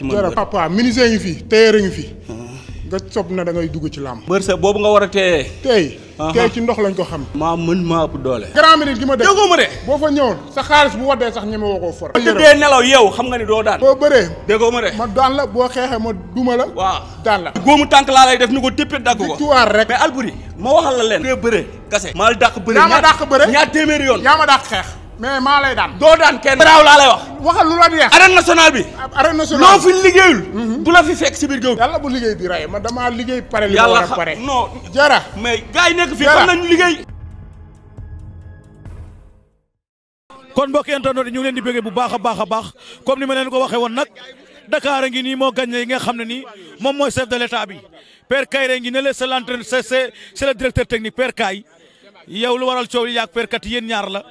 ci mën bëre papa ministre ngi fi téyeer ngi fi. Ah. nga na da ngay dugg ci làmb. bërse boobu nga war a téye. ci ndox lañ ko xam. maa mën maa ëpp doole. grand mérite gi ma def déggoo ma de. boo sa xaalis bu waddee sax ñeme woo koo for. boo tëddee nelaw yow xam nga doo daan. boo bëree. déggoo ma ma daan la boo xeexee ma duma la. waaw daan la. góomu tànk laa lay def ni ko téppee dagg ko. victoire rek mais Alboury ma waxal la leen. bëree bëree kase. ma la dàq bëree ñaar yaa ma dàq ñaar téeméeri yoon yaa ma dàq xeex mais maa lay daan. doo daan kenn garaaw laa lay wax. waxal lu bi. arène nationale bi ah, loo fi liggéeyul. bu mhm. la fi fekk si biir géew. yàlla bu liggéey di rey man damaa liggéey pare. ma war a pare non. jara mais liggéey. kon mbokki internet ñu ngi leen di bëggee bu baax a baax a baax comme ni ma leen ko waxee woon nag Dakar a ngi nii moo gagné yi nga xam ne nii moom mooy chef de l'état bi Père Kayre ngi ne la c'est l'entraîneur c'est c'est le directeur technique Père Kay yow lu waral coow li yàgg Père Kat yéen ñaar la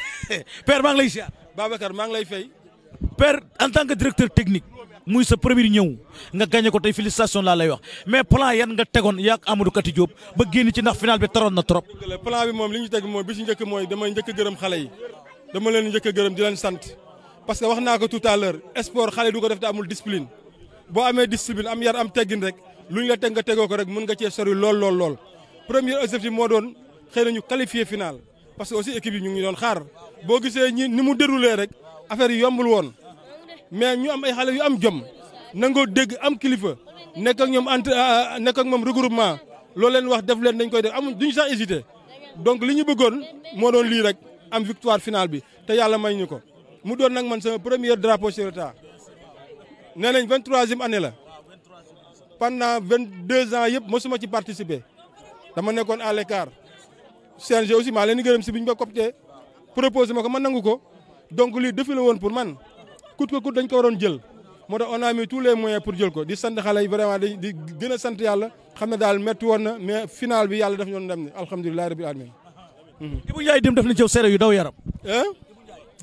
père maa ngi lay ziar. Babacar maa ngi lay fay. père en tant que directeur technique muy sa premier ñëw nga gagné ko tey félicitation laa lay wax mais plan yan nga tegoon yaak Amadou Kati Diop ba génn ci ndax final bi taroon na trop. plan bi moom li ñu teg mooy bi si njëkk mooy dama njëkk gërëm xale yi dama leen njëkk gërëm di leen sant parce que wax naa ko tout à l'heure sport xale du ko def te amul discipline boo amee discipline am yar am teggin rek lu ñu la teg nga tegoo ko rek mën nga cee sori lool lool lool premier objectif moo doon xëy na ñu qualifier final. parce que aussi équipe yi ñu ngi doon xaar boo gisee ñi ni mu déroulé rek affaire yi yombul woon mais ñu am ay xale yu am jom nangoo dégg am kilifa nekk ak ñoom entre euh, nekk ak moom regroupement loo leen wax def leen dañ koy def amuñ duñu sax hésité donc li ñu bëggoon moo doon lii rek am victoire finale bi te yàlla may ñu ko mu doon nag man sama premier drapeau sur l'état nee nañ vingt troisième année la pendant vingt deux ans yëpp mosuma ci participer dama nekkoon à l'écart CNG aussi maa leen di gërëm si bi ñu ko coptee proposé ma ko ma nangu ko donc lii defi la woon pour man kut ko kut dañ ko waroon jël moo tax on a mis tous les moyens pour jël ko di sant xale yi vraiment di di gën a sant yàlla xam ne daal métti woon na mais bi yàlla daf ñoon ndam ni alhamdulilah rabbil alamin mhm. Ibou Ndiaye dem def na ci seere yu daw yaram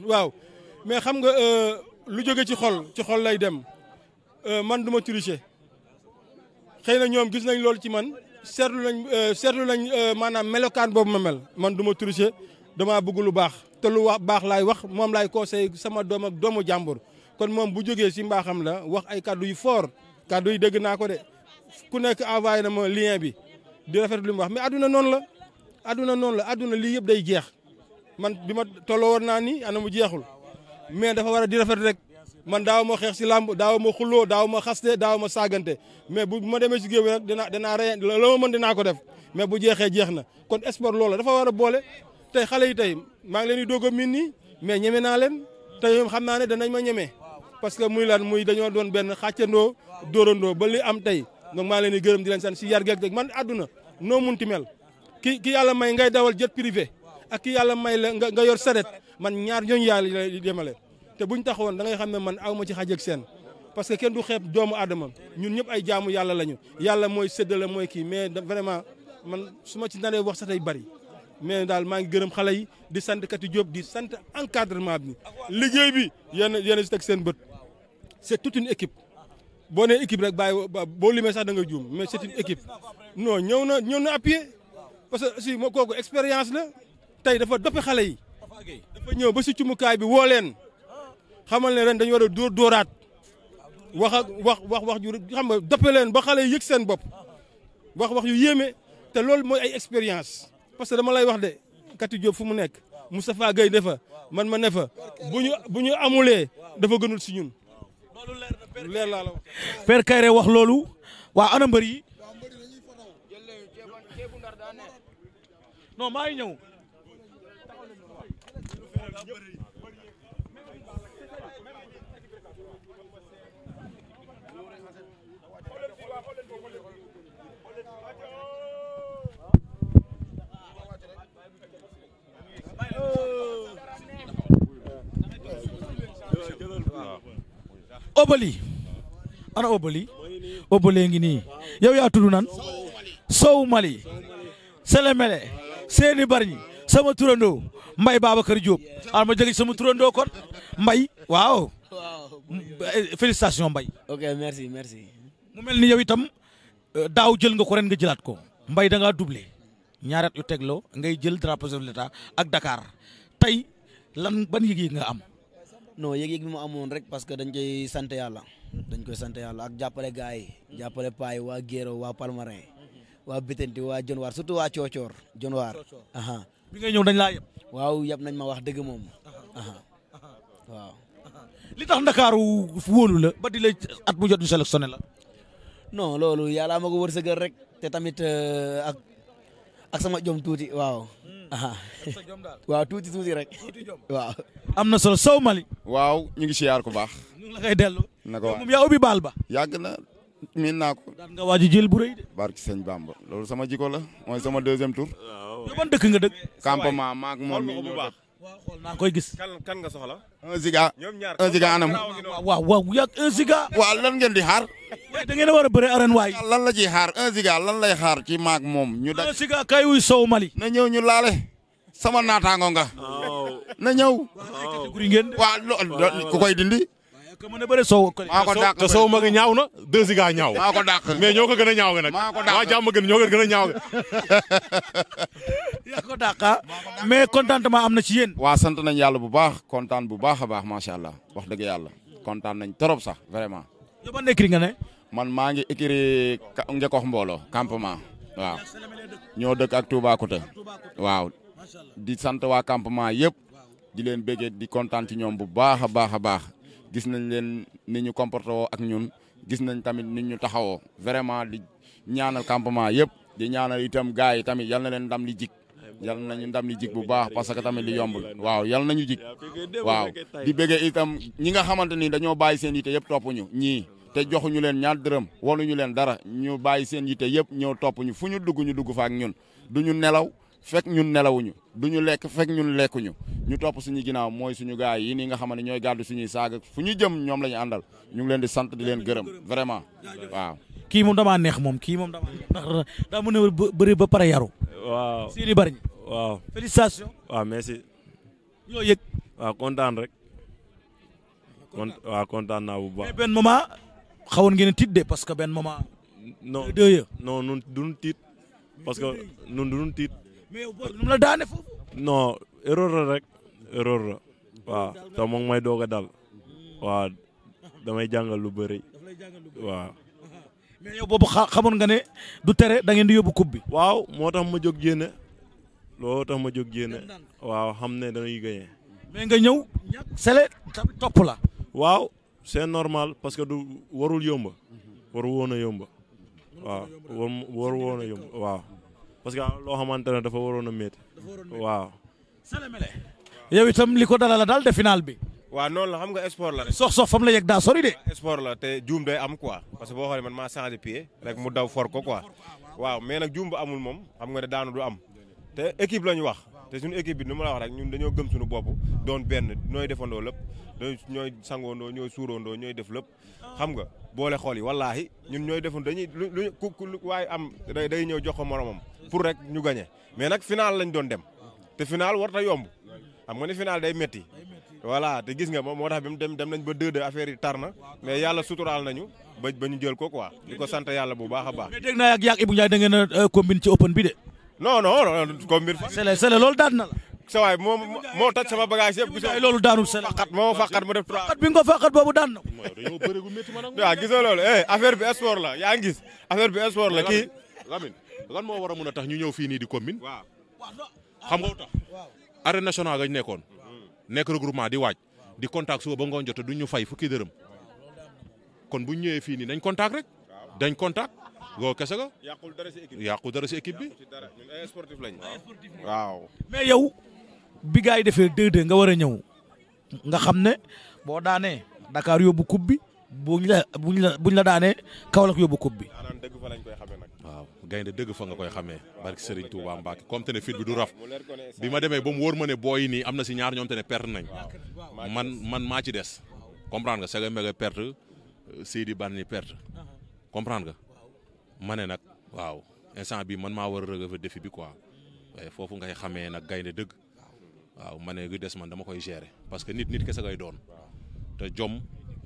waaw mais xam nga euh, lu jóge ci xol ci xol lay dem euh, man du ma tricher xëy na ñoom gis nañ loolu ci man seetlu nañ euh, seetlu nañ euh, maanaam melokaan boobu ma mel man du ma tricher damaa bëgg lu baax te lu wax baax laay wax moom laay conseillé sama doom ak doomu jàmbur kon moom bu jógee si mbaaxam la wax ay kàddu yu fort kàddu yi dégg naa ko de ku nekk envoyé na ma lien bi di rafet lu mu wax mais àdduna noonu la àdduna noonu la àdduna lii yëpp day jeex man bi ma tolloo woon naa ni ana mu jeexul mais dafa war a di rafet rek. man daaw ma xeex si làmb daaw ma xulloo daaw ma xaste daaw ma saagante mais bu ma demee si géew rek dina dinaa la la ma mën dinaa ko def mais bu jeexee jeex na kon sport loola dafa war a boole tey xale yi tey maa ngi leen di doog a miin nii mais ñeme naa leen tey xam naa ne danañ ma ñeme parce que muy lan muy dañoo doon benn xàccandoo doorandoo ba li am tey donc maa leen di gërëm di leen sant si yar geeg man àdduna noo munti mel ki yàlla may ngay dawal jet privé ak yàlla may la nga yor saret man ñaar ñooñu yàlla yemale te buñ taxawoon da ngay xam ne man aw ma ci xaj ak seen parce que kenn du xeeb doomu aadama ñun ñëpp ay jaamu yàlla lañu yàlla mooy séddale mooy kii mais vraiment man su ma ci naree wax sax day bari mais daal maa ngi gërëm xale yi di sant Kati Diop di sant encadrement bi liggéey bi yenn yéen a si teg seen bët c' est toute une équipe boo nee équipe rek bàyyi boo limee sax da nga juum mais c' est une équipe non ñëw na ñëw na appuyer parce que aussi moo kooku expérience la tey dafa doppe xale yi dafa bi woo leen xamal ne ren dañu war a dóor dóoraat wax ak wax wax wax ju xam nga doppe leen ba xale yëg seen bopp wax wax yu yéeme te loolu mooy ay expérience parce que dama lay wax de Kati Diop fu mu nekk Moustapha Gueye ne fa man ma ne fa bu ñu bu ñu amulee dafa gënul si ñun. loolu leer laa wax. loolu waa ana mbër yi. non maa Obali ana Obali Obali ngi nii yow yaa tudd nan Sow Mali Selemele seeni barñi sama turandoo mbay Babacar Diop ah ma jëli sama turandoo kon Mbaye waaw félicitation mbay ok mu mel ni yow itam euh, daaw jël nga ko ren nga jëlaat ko mbay danga duble doublé ñaari yu tegloo ngay jël drapeau de ak Dakar tey lan ban yëg-yëg nga am non yëg-yëg bi mu amoon rek parce que dañ koy sant yàlla dañ koy sant yàlla ak jàppale gars yi jàppale paa yi waa Géro waa Palmarin waa Bitenti waa Jonwaar surtout waa Coocoor Jonwaar aha bi ngay ñëw dañ laa yëpp waaw yëpp nañ ma wax dëgg moom aha waaw li tax Ndakaaru wóolu la ba di lay at mu jot ñu sélectionné la non loolu yàlla ma ko rek te euh, ak sama jom tuuti waaw. Hmm. waaw tuuti tuuti rek. waaw. am na solo Sow Mali. waaw ñu ngi siyaar ku baax. ñu ngi na ko moom yaa ubbi baal ba. yàgg na miin naa ko. daan nga waaj jël bu rëy de. barki sëñ Bamba loolu sama jiko la mooy sama deuxième tour. waaw ban dëkk nga dëkk. campement maak moom mi waaw xool naa koy gis. kan kan nga soxla. un ziga. ñoom ñaar un ziga anam. waaw waaw yàgg un ziga. lan ngeen di xaar. da ngeen a war a bëre waay. lan la ciy xaar un lan lay xaar ci maag moom. ñu da un ziga kay wuy Mali. na ñëw ñu laale. sama naataango nga. Oh. na ñëw. waaw waaw ku koy dindi. ka mën a bëre soow. maa ko soow ma nga ñaaw na deux ziga ñaaw. maa ko dàq mais ñoo ko gën a ñaaw nga nag. maa ko dàq ñoo ko gën a ñaaw nga. yaa ah. mais contentement am na ci yéen. waa sant nañ yàlla bu baax kontaan bu baax a baax macha allah wax dëgg yàlla kontaan nañ trop sax vraiment. yow nga ne. man maa ngi écrit Ngekox mbooloo campement. waaw ñoo dëkk ak Toubacouta waaw di sant waa campement yëpp di leen béggee di kontaan ci ñoom bu baax a baax a baax gis nañ leen ni ñu comporté woo ak ñun gis nañ tamit ni ñu taxawoo vraiment di ñaanal campement yëpp di ñaanal itam gars yi tamit yal na leen ndam li jik yal nañu ndam li jik bu baax parce que tamit li yombul waaw yal nañu jik waaw di begee itam ñi nga xamante ni dañoo bàyyi seen yite yëpp topp ñu ñii te joxuñu leen ñaar dërëm waluñu leen dara ñu bàyyi seen yite yëpp ñëw topp ñu fu ñu dugg ñu dugg fa ak ñun du ñu nelaw fekk ñun nelawuñu du ñu lekk fekk ñun lekkuñu ñu topp suñu ginaaw mooy suñu gaay yi nii nga xam ne ñooy gàddu suñuy saaga fu ñu jëm ñoom la ñu àndal ñu ngi leen di sant di leen gërëm vraiment waaw. kii moom dama neex moom kii moom damaa neex ndax daa mën a bëri ba pare yaru. waaw si li kontaan rek. kon waaw kontaan naa bu moment xawoon ngeen tiit de parce que benn moment. non nun duñu tiit parce que nun tiit. mais yow booy nu mu la rek erreur la waaw te may doog a dal waaw damay jàngal lu bëri waaw. nga ne du tere da ngeen di yóbbu coupe bi. waaw moo tax ma jog génne looloo tax ma jóg génne waaw xam ne dañuy gagné. mais nga ñëw sele topp la. waaw c'est normal parce que du warul yomba waru woon a waaw. parce que loo xamante ne dafa waroon a métti. dafa waroon a métti waaw. li ko dalal la daal de finaal bi. waa noonu la xam nga sport la sox sox fam la yegg daa sori de. sport la te juum day am quoi parce que boo xoolee man maa changé pied rek mu daw for ko quoi waaw mais nag juum bu amul moom xam nga ne daanu du am te équipe la ñu wax te suñu équipe bi nu ma la wax rek ñun dañoo gëm suñu bopp doon benn ñooy defandoo lépp ñooy sangoondoo ñooy suuroondoo ñooy def lépp xam nga boole xool yi wallaahi ñun ñooy defandoo dañuy lu lu ku waaye am day ñëw jox ko moromam. pour rek ñu gagné mais nag final lañ doon dem te final war ta yomb xam nga ni final day métti voilà te gis nga moom moo tax bi dem dem nañ ba deux de yi tar na mais yàlla suturaal nañu ba ba ñu jël ko quoi di ko sant yàlla bu baax a baax. mais dégg naa ak yàgg Ibou Ndiaye da ngeen a euh, combine ci open bi de. non non non sele sele loolu daan na la. sa waay moo moo toj sama bagage loolu daanul sele faqat moo faqat mu def trois. faqat boobu daan na. waaw gisoo loolu eh affaire bi sport la yaa ngi gis bi sport lan moo war a mun a tax ñu ñëw fii nii di commune. waaw xam nga ah, tax. waaw arène nationale gañ nekkoon. Mm-hmm. nekk regroupement di waaj. di contact ba ngoon jot du ñu fay fukki dërëm. kon bu ñëwee fii nii nañ contact rek. dañ contact. goo kese ga. yàqul dara si équipe bi yàqul dara si équipe bi. ay sportif lañ. waaw. mais yow. bi yi defee 2 nga war a ñëw. nga xam ne boo daanee Dakar yóbbu coupe bi buñ la buñ la buñ la daanee Kaolack yóbbu coupe bi. dëgg fa lañ koy xamee waaw gaynde dëgg fa nga koy xamee barki Serigne Touba Mbacke comme te ne fit bi du raf bi ma demee ba mu wóor ma ne booy nii am na si ñaar ñoom te ne perte nañ man man maa ci des comprendre nga Sega Mega perte Seydi Bani perte comprendre nga ma ne nag waaw instant bi man maa war a relever défi bi quoi eh, foofu ngay xamee nag gaynde dëgg waaw ma ne gi des man dama koy gérer parce que nit nit kese ngay doon te jom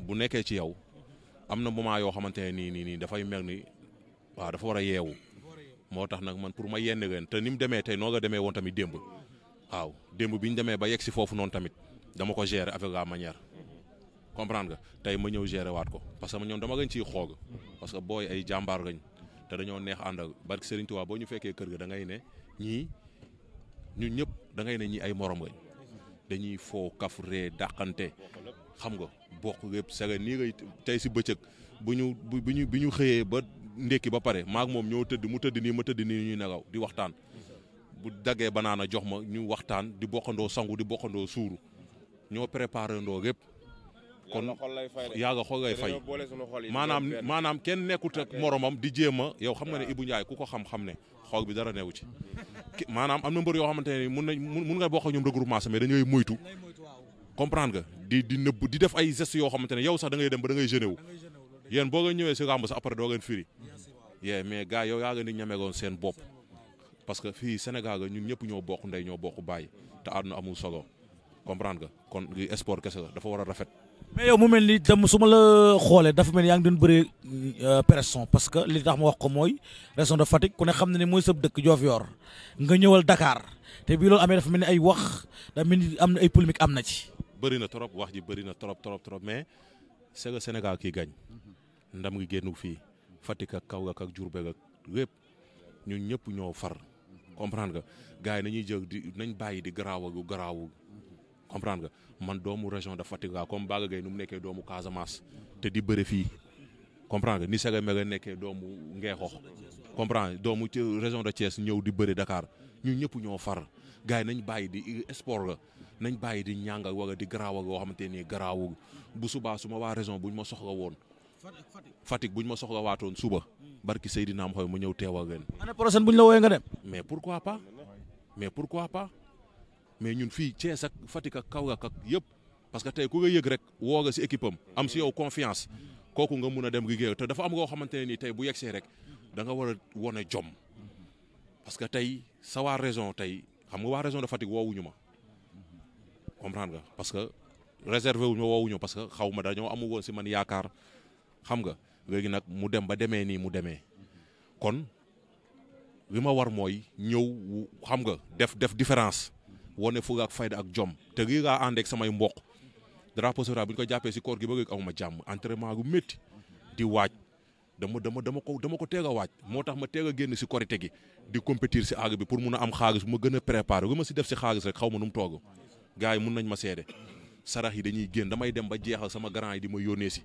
bu nekkee ci yow am na moment yoo xamante ne nii nii ni waaw dafa war a yeewu moo tax nag man pour ma yenn leen te ni mu demee tey noo la demee woon tamit démb waaw démb bi ñu demee ba yegg si foofu noonu tamit dama ko gérer avec la manière comprendre nga tey ma ñëw gere waat ko parce que ma ñoom dama gën ci xoog parce que booy ay jàmbaar lañ te dañoo neex àndal barke Serigne Touba boo ñu fekkee kër ga da ngay ne ñii ñun ñëpp da ngay ne ñii ay morom dañuy foo kaf dàqante xam nga bokk lépp nii ngay tey si bëccëg bu ñu bu ñu ñu xëyee ba ndékki ba pare maak moom ñoo tëdd mu tëdd nii ma tëdd nii ñuy nelaw di waxtaan bu daggee banaana jox ma ñu waxtaan di bokkandoo sangu di bokkandoo suuru ñoo préparé ndoo lépp kon yàlla xol lay fay maanaam maanaam kenn nekkut ak moromam di jéem a yow xam nga ne bu Ndiaye ku ko xam-xam ne xool bi dara newu ci maanaam am na mbër yoo xamante ne mun nañ mun nga bokk ñoom regroupement mais dañuy moytu comprendre nga di di nëbb di def ay gestes yoo xamante ne yow sax da ngay dem ba da ngay génne wu yéen boo ngeen ñëwee si làmb sax après doo ngeen firi yee mais gars yow yaa ngeen di ñameloon seen bopp parce que fii Sénégal ga ñun ñëpp ñoo bokk ndey ñoo bokk bàyyi te àdduna amul solo comprendre nga kon li sport kese dafa war a rafet. mais yow mu mel ni dem su ma la xoolee dafa mel ni yaa ngi doon bëri euh, pression parce que li tax ma wax ko mooy région de Fatick ku ne xam na ne mooy sa dëkk Diofior nga ñëwal dakaar te bii loolu amee dafa mel ni ay wax dafa am na ay polémique am na ci. bëri na trop wax ji bëri na trop trop trop mais. c'est Sénégal qui gagne ndam gi génnu fii kaw ak Kaolack ak Diourbel ak lépp ñun ñëpp ñoo far comprendre nga gars yi nañuy jël di nañ bàyyi di garaaw ak garaaw comprendre man doomu région de Fatick laa comme Balla Gaye nu mu nekkee doomu Casamance te di bëre fii comprendre nga ni Sega Mega nekkee doomu Ngeexox comprendre doomu région de Thiès ñëw di bëre Dakar ñu ñëpp ñoo far gars yi nañ bàyyi di sport la nañ bàyyi di ñàng ak wala di garaaw ak xamante nii garaawul bu subaa suma ma waa raison buñ ma soxla woon Fatick buñ ma soxla waatoon suba barki Seydina Mohamed ma ñëw teewal leen année prochaine buñ la wooyee nga dem mais pourquoi pas mais pourquoi pas mais ñun fii Thiès ak Fatick ak Kaolack ak yëpp parce que tey ku nga yëg rek woo nga si équipe am si yow confiance kooku nga mun a dem liggéey te dafa am loo xamante ne nii tey bu yegsee rek danga nga war a wone jom parce que tey sa waa raison tey xam nga waa raison de Fatick woowuñu ma comprendre nga parce que réservé wuñ ma woowuñu parce que xaw ma dañoo amu woon si man yaakaar xam nga léegi nag mu dem ba demee nii mu demee kon li ma war mooy ñëw xam nga def def différence wane fula ak fayda ak jom te lii laa ànd ak samay mbokk drapeau sera bu ñu ko jàppee si koor gi ba léegi amu ma jàmm entraînement gu métti di waaj dama dama dama ko dama ko teel a waaj moo tax ma teel a génn si korite gi di compétir si àgg bi pour mun a am xaalis bu ma gën a préparer lu ma si def si xaalis rek xaw ma nu mu toog gars yi mun nañ ma seede sarax yi dañuy génn damay dem ba jeexal sama grand yi di ma yónnee si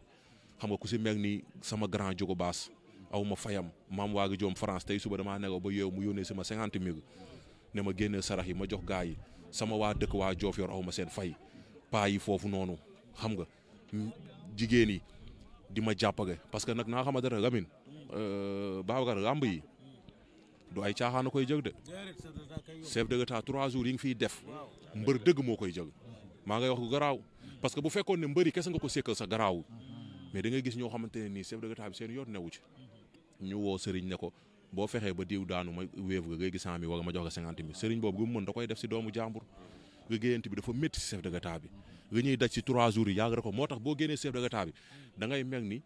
xam nga ku si mel nii sama grand jogo baas aw ma fayam maam waa gi joom France tey suba damaa nekk ba yow mu yónnee si ma cinquante mille ne ma génnee sarax yi ma jox gars yi sama waa dëkk waa joof yor aw ma seen fay paa yi foofu noonu xam nga jigéen yi di ma jàppale parce que nag naa xamante ne Lamine euh, Babacar làmb yi du ay caaxaana koy jëg de chef de l'État trois jours yi nga fiy def mbër dëgg moo koy jëg maa ngay wax ko parce que bu fekkoon ne mbëri kese nga ko sekkal sa garaaw mais da ngay gis ñoo xamante ne nii chef de l'État bi seen yoon newu ci ne ko boo fexee ba diw daanu ma wéef nga gis cent mille wala ma jox ko cinquante mille boobu gu koy def si doomu jàmbur liggéeyante bi dafa métti si chef bi li ñuy daj si trois jours yi ko moo tax boo génnee chef de l'État bi da ngay mel ni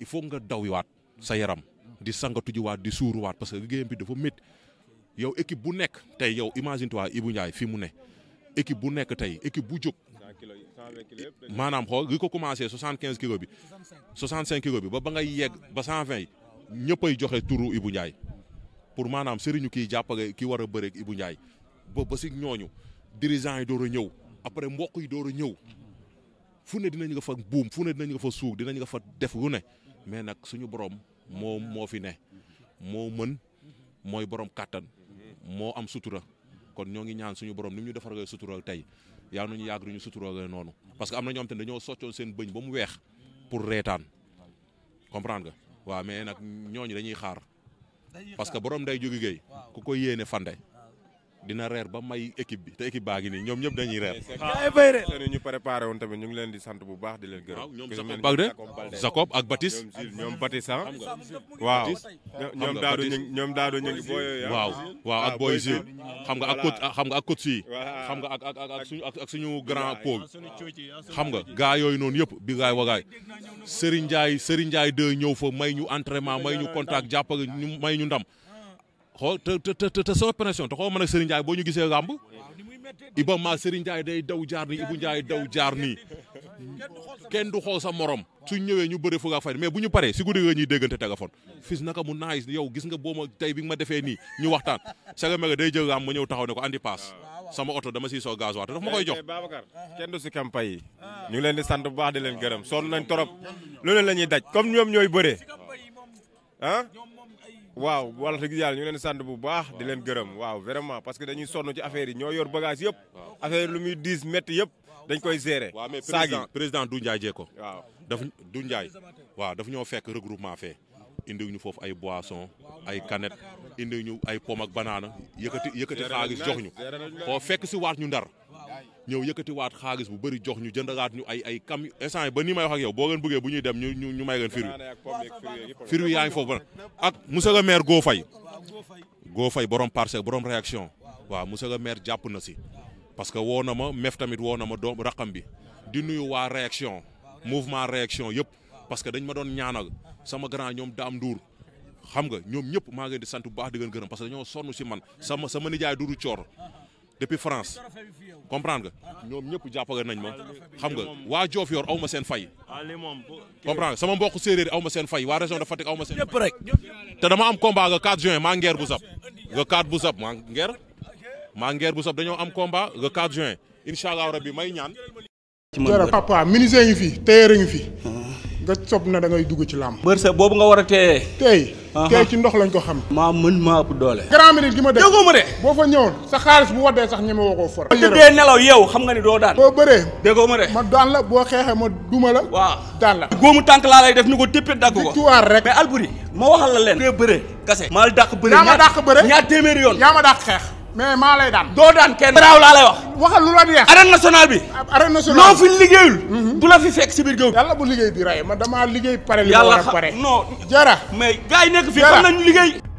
il faut nga daw dawiwaat sa yaram di sangatu jiwaat di suuruwaat parce que liggéeyam bi dafa métti yow équipe bu nekk tey yow imagine toi Ibou Ndiaye fi mu ne équipe bu nekk tey équipe bu jóg maanaam xool li ko commencé soixante quinze kilos bi soixante cinq kilos bi ba ba ngay yegg ba cent vingt ñëppay joxe turu Ibou Ndiaye pour maanaam sëriñu kii jàppale ki war a bëreeg Ibou Ndiaye ba ba si ñooñu dirigeant yi door a ñëw après mbokk yi door a ñëw fu ne dinañ nga fa buum fu ne dinañ nga fa suug dinañ nga fa def lu ne mais nag suñu borom moo moo fi ne moo mën mooy borom kàttan moo am sutura kon ñoo ngi ñaan suñu borom ni mu ñu defaree sutural tey yaa nañu yàgg ñu suturale noonu parce que am na ñoo te dañoo soccoon seen bëñ ba mu weex pour reetaan comprendre nga waaw mais nag ñooñu dañuy xaar parce que borom day jógi géey ku ko yéene fande dina reer ba may équipe bi te équipe baa ngi nii ñoom ñëpp dañuy reer. waaw ah. ñu préparé woon tamit ñu ngi leen di sant bu baax di leen gërëm. waaw ñoom Jacob Balde Jacob ak Baptiste. ñoom Baptiste ah. waaw ñoom Daado ñoom Daado ñu ngi booy. Ah. waaw waaw ak ah, booy Jules. xam nga ak coach xam nga xam nga ak ak ak suñu ak suñu grand pôl. nga gaa yooyu noonu yëpp bi gaay wagaay Serigne Ndiaye Serigne Ndiaye 2 ñëw fa may ñu entraînement may ñu contact jàpp ñu may ñu ndam xool te te te te sa opération te xool ma nag Serigne Ndiaye boo ñu gisee làmb Iba Ma Serigne Ndiaye day daw jaar nii Ibou Ndiaye daw jaar nii kenn du xool sa morom suñ ñëwee ñu bëri fukk ak fay mais bu ñu paree si guddi ga ñuy déggante téléphone fis naka mu naaj yow gis nga boo ma tey bi ma defee nii ñu waxtaan saga mega day jël làmb ma ñëw taxaw ne ko di paas sama oto dama siy soog gaz waat daf ma koy eh, jox. Eh, Babacar kenn du si campagne yi ah. ñu leen di sant bu baax di leen gërëm sonn nañ trop loolu la ñuy daj comme ñoom ñooy bëree waaw wala dëgg yàlla ñu leen sant bu baax di leen gërëm waaw vraiment parce que dañuy sonn ci affaire ñoo yor bagage yëpp affaire lu muy diis métti yëpp dañ koy gérer waaw mais président du Ndiaye Diéko waaw daf du njaay waaw daf ñoo fekk regroupement fee indiw ñu foofu ay boisson ay canette indiw ñu ay pomme ak banaana yëkkati yëkkati xaalis jox ñu koo fekk si waat ñu ndar ñëw yëkkatiwaat xaalis bu bëri jox ñu jëndalaat ñu ay ay cam instant ba ni may wax ak yow boo bu ñuy dem ñu ñu ñu may leen fir wi fir wi yaa ngi foofu ak monsieur le maire Go Faye Go Faye borom parcelle borom réaction waaw monsieur le maire jàpp na si parce que woo na ma mef tamit woo na ma doom raqam bi di nuyu waa réaction mouvement réaction yëpp parce que dañ ma doon ñaanal sama grand ñoom Dame duur xam nga ñoom ñëpp maa ngi di sant bu baax di gërëm parce que dañoo sonn si man sama sama nijaay Doudou Thior depuis France comprendre nga ñoom ñëpp jàppale nañ ma xam nga waa Diofior aw ma seen fay. comprendre nga sama mbokk séeréer aw ma seen fay waa région de Fatick aw ma seen fay. te dama am combat nga 4 juin maa ngeer bu sab nga 4 bu sab ma ngeer maa ngeer bu sab dañoo am combat nga 4 juin incha allah rabi may ñaan. ci papa ministère ngi fi téere ngi fi. nga sob na da ngay dugg ci làmb mbërsa boobu nga war a teeyee teey teey ci ndox lañ ko xam maa mën maa ëpp doole grand mérite gi ma de déggoo ma de boo fa ñëwoon sa xaalis bu waddee sax ñeme woo koo nelaw yow xam nga doo daan boo bëree déggoo ma ma daan la boo xeexee ma duma la waaw daan la góomu tànk laa lay def ni ko téppee dagg ko victoire rek mais Alboury ma waxal la leen bëree kase maa la dàq bëre yaa ma dàq bëre ñaar téeméeri yoon yaa ma dàq xeex mais maa lay daan. doo daan kenn garaaw laa lay wax. waxal lu la neex. arène nationale bi. arène loo fi liggéeyul. Mhm. du la fi fekk si biir géew. yàlla bu liggéey bi rey man damaa liggéey pare. li ma a pare yàlla xam mais gars yi nekk fii xam nañu liggéey.